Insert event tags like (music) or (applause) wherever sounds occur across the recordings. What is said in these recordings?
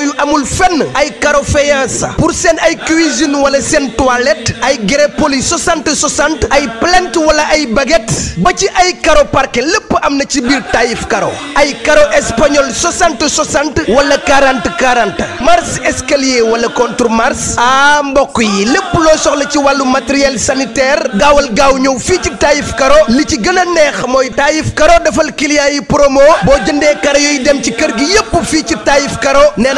yooyu amul fenn ay carreau faïence pour seen ay cuisine wala seen toilette ay grès poli 60 60 ay plinthe wala ay baguette ba ci ay carreau parquet lépp am na ci biir Taïf carreau ay carreau espagnol 60 60 wala 40 40 marche escalier wala contre marche ah mbokk yi lépp loo soxla ci wàllu matériel sanitaire gaawal gaaw ñëw fii ci Taïf carreau li ci gën a neex mooy Taïf carreau defal client yi promo boo jëndee carreau yooyu dem ci kër gi yépp fii ci Taïf carreau nee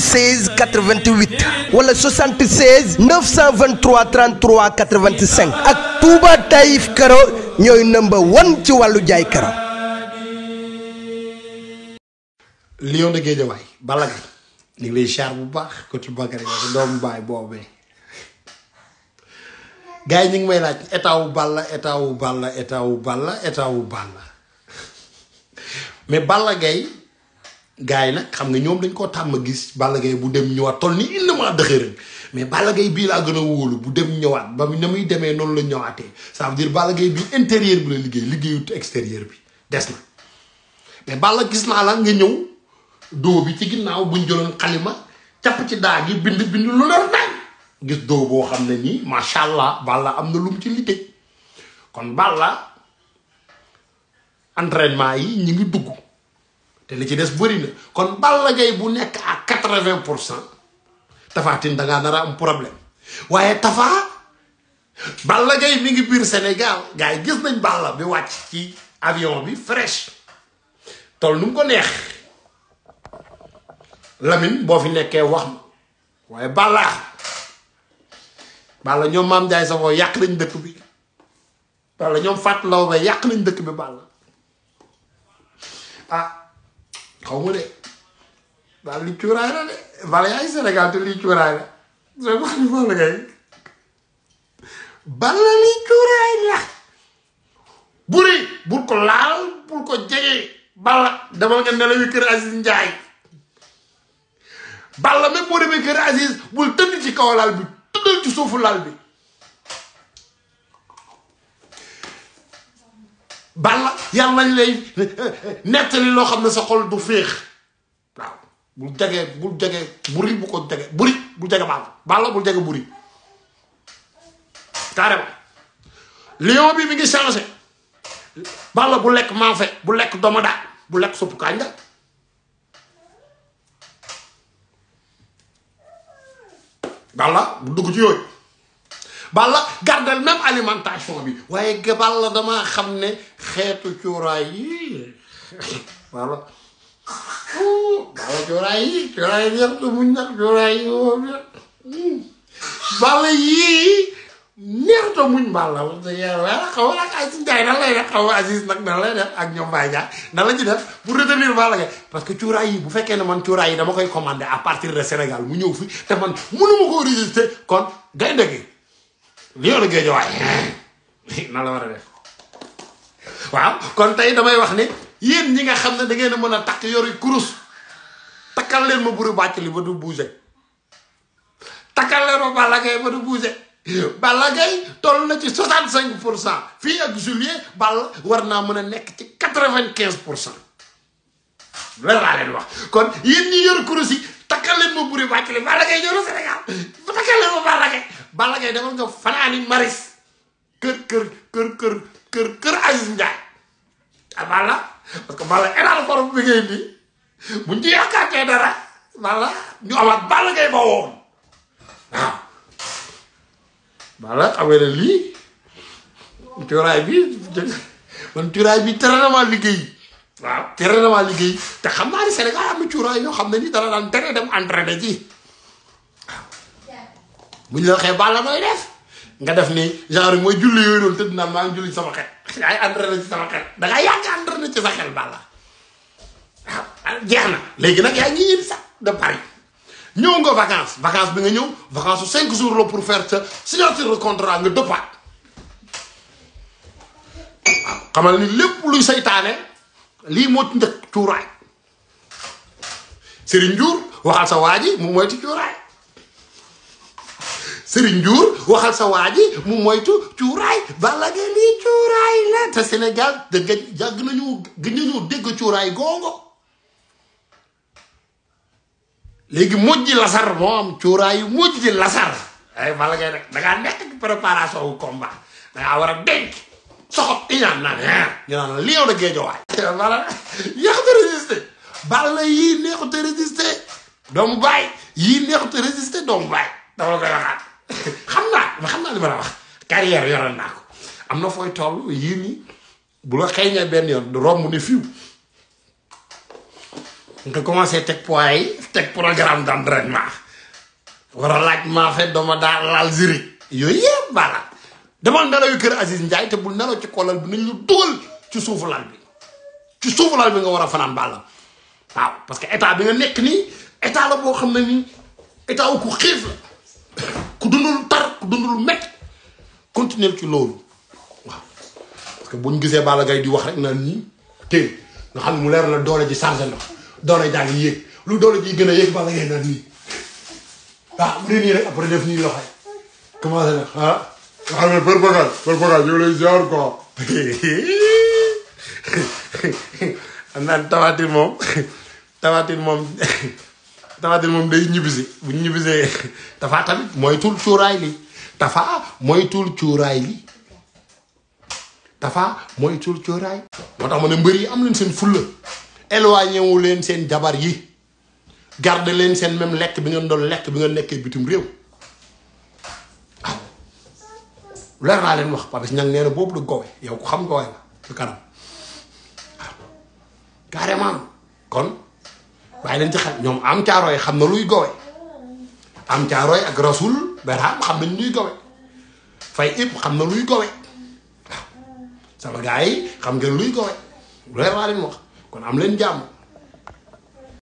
76 88 wala 76 923 33 85 ak Touba Taïf Karo ñooy number one ci wàllu jaay karo. Lion de Guédiawaye Balla Gaye ñu ngi lay char bu baax ko ci Bakary Niass yi ñu ngi may laaj état wu Balla état wu Balla état wu Balla état wu Balla mais bala Gaye gars yi nag xam nga ñoom dañ koo tàmm gis Balla Gaye bu dem ñëwaat toll ni il ma dëxëran mais Balla Gaye bii laa gën a wóolu bu dem ñëwaat ba na muy demee noonu la ñëwaatee ça veut dire Balla Gaye bi intérieur bi la liggéey liggéeyut extérieur bi des na mais Balla gis naa la nga ñëw doo bi ci ginnaaw buñ jëloon xalima capp ci daa gi bind bind lu leer nañ gis doo boo xam ne nii macha allah Balla am na lu mu ci liggéey kon Balla entraînement yi ñu ngi dugg te li ci des bëri na kon Balla Gaye bu nekk à quatre-vingt pour cent Tapha Tine am problème waaye Tapha Balla gay mi ngi biir Sénégal gars yi gis nañ Balla bi wàcc ci avion bi fresh tol nu mu ko neex lamin boo fi nekkee wax ma waaye Balla Balla ñoom maam Ndiaye Savon yàq lañ dëkk bi Balla ñoom Fatou Laobé yàq nañ dëkk bi Balla ah, xaw ma de daal li cuuraay la de balayaay Sénégal te lii cuuraay la sooy wax ni moom la ngay bala lii cuuraay la buri bul ko laal bul ko jege bala demal nga nelawi kër Aziz Ndiaye bala même boo demee kër Aziz bul tëdd ci kaw laal bi tëddal ci suufu laal bi balla yàlla nañ lay euh, euh, nettali loo xam ne sa xol du féex waaw bul jege bul jege buri bu ko jege buri bul jege balla balla bul jege buri carrément lion bi mi ngi changé balla bu lekk maafe bu lekk domada bu lekk suppu kànja balla bu dugg ci yooyu bala gardal même alimentation bi waaye Balla dama xam ne xeetu cuuraay yii (laughs) Balla Balla cuuraay yii cuuraay yi yëpp muñ nag cuuraay yi moom Balla yii neex na muñ Balla nag Aziz lay def xaw ma nag nan lay def ak ñoom Baye Ndiaye nan la ci def pour retenir Balla Gaye parce que cuuraay yi bu fekkee ne man cuuraay na dama koy commandé à partir de Sénégal mu ñëw fi te man mënu ma koo résister kon gaynde gi yoonu géejawaay na la war a def waaw kon tey damay wax ni yéen ñi nga xam ne da ngeen a mën a takk yori kurus takkal leen ma buru bàcc li ba du bouger takkal leen ba du bouger Balla toll na ci cinq pour cent fii ak juillet Balla war naa mën a nekk ci quinze pour cent la laa leen wax kon yéen ñi yor kurus yi takkal leen ma buru bàcc li Balla Gaye yoru Sénégal attaqué la ma Balla Gaye Balla Gaye demal nga maris kër kër kër kër kër kër Aziz Ndiaye ah Balla parce que Balla énaal bi ngay ñu amaat Balla Gaye ba woon waaw bi man cuuraay bi tere na maa liggéey waaw tere te xam naa ni Sénégal am na cuuraay yoo xam ne ni dara daan tere dem entraîné ji bu ñu la waxee baal la def nga def ni genre mooy julli yooyu noonu tëdd naan maa ngi julli ci sama xel ay entraîné ci sama xel da ngaa yàgg entraîné sa xel baal la ah, jeex na léegi nag yaa ngi ñibbi sax de Paris ñëw nga vacance vacance bi nga ñëw vacance su cinq jours la pour faire sa signature de contrat nga dëppaat waaw xamal ni lépp luy saytaane lii moo ci njëkk cuuraay Serigne Ndiour waxal sa waa ji mu moytu cuuraay Serigne Ndiour waxal sa waa ji mu moytu cuuraay Balla Gaye lii cuuraay la te Sénégal dëgg yàgg nañu gën nañu dégg cuuraay googo léegi mujj lasar moo am cuuraayu mujj lasar ay eh, Balla Gaye nag da ngaa nekk préparation wu combat da ngaa war a denc soxot iñaan naan ah, ñu naan li yow da géejowaay (laughs) wala yéexut a résister Balla yii neexut a résister doomu baay yii neexut a résister doomu baay xam naa xam naa li ma la wax carrière yoral naa ko am na fooy toll yii nii bu la xeeñee benn yoon romb ne fiw nga commencé teg poids yi teg programme d'entraînement war a laaj maa fe daal laal zirik yooyu yëpp bala demal nelaw yu kër Aziz Ndiaye te bul nelaw ci kolal bi nañ dugal ci suufu lal bi lal bi nga war a fanaan bàllam waaw parce que état bi nga nekk nii état la boo xam ne nii état wu xiif la ku dundul tar ku dundul métti continuer ci loolu waaw parce que bu ñu gisee Balla Gaye di wax rek naan nii te nga xam ne mu leer la doole ji changé na doole jaa yéeg lu doole ji gën a yéeg Balla Gaye naan nii ah mu ne nii rek après def nii loxo yi nga xam ne Père Bogal Père lay ziar am (laughs) naan tawatin moom (laughs) tawatin moom. (laughs) Tapha Tine moom day ñibbisi bu ñibbisee (laughs) Tapha tamit mooy tul cuuraay li Tapha mooy tuul cuuraay li Tapha mooy tuul cuuraay moo tax ma ne mbër yi am leen seen fulla éloigné wu leen seen jabar yi garde leen seen même lekk bi ngeen doon lekk bi ngeen nekkee bitim réew waaw leer naa leen wax parce que ña nee na boobu la gowe yow ko xam gowe la su kanam waaw kon bàyyi leen ci xel ñoom am caarooy xam na luy gowe am caarooy ak rasul beraam xam nañ luy gowe fay ib xam na luy gowe waaw sama yi xam ngeen luy gowe lu leer laa leen wax kon am leen jàmm